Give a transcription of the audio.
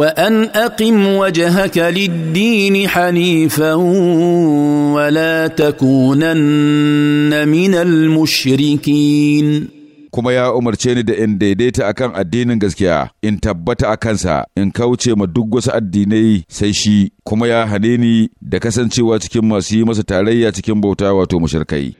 وان اقم وجهك للدين حنيفا ولا تكونن من المشركين kuma ya umarce ni da in daidaita akan addinin gaskiya in tabbata a kansa in kauce ma duk wasu addinai sai shi kuma ya hane ni da kasancewa cikin masu yi masa tarayya cikin bauta wato mushrikai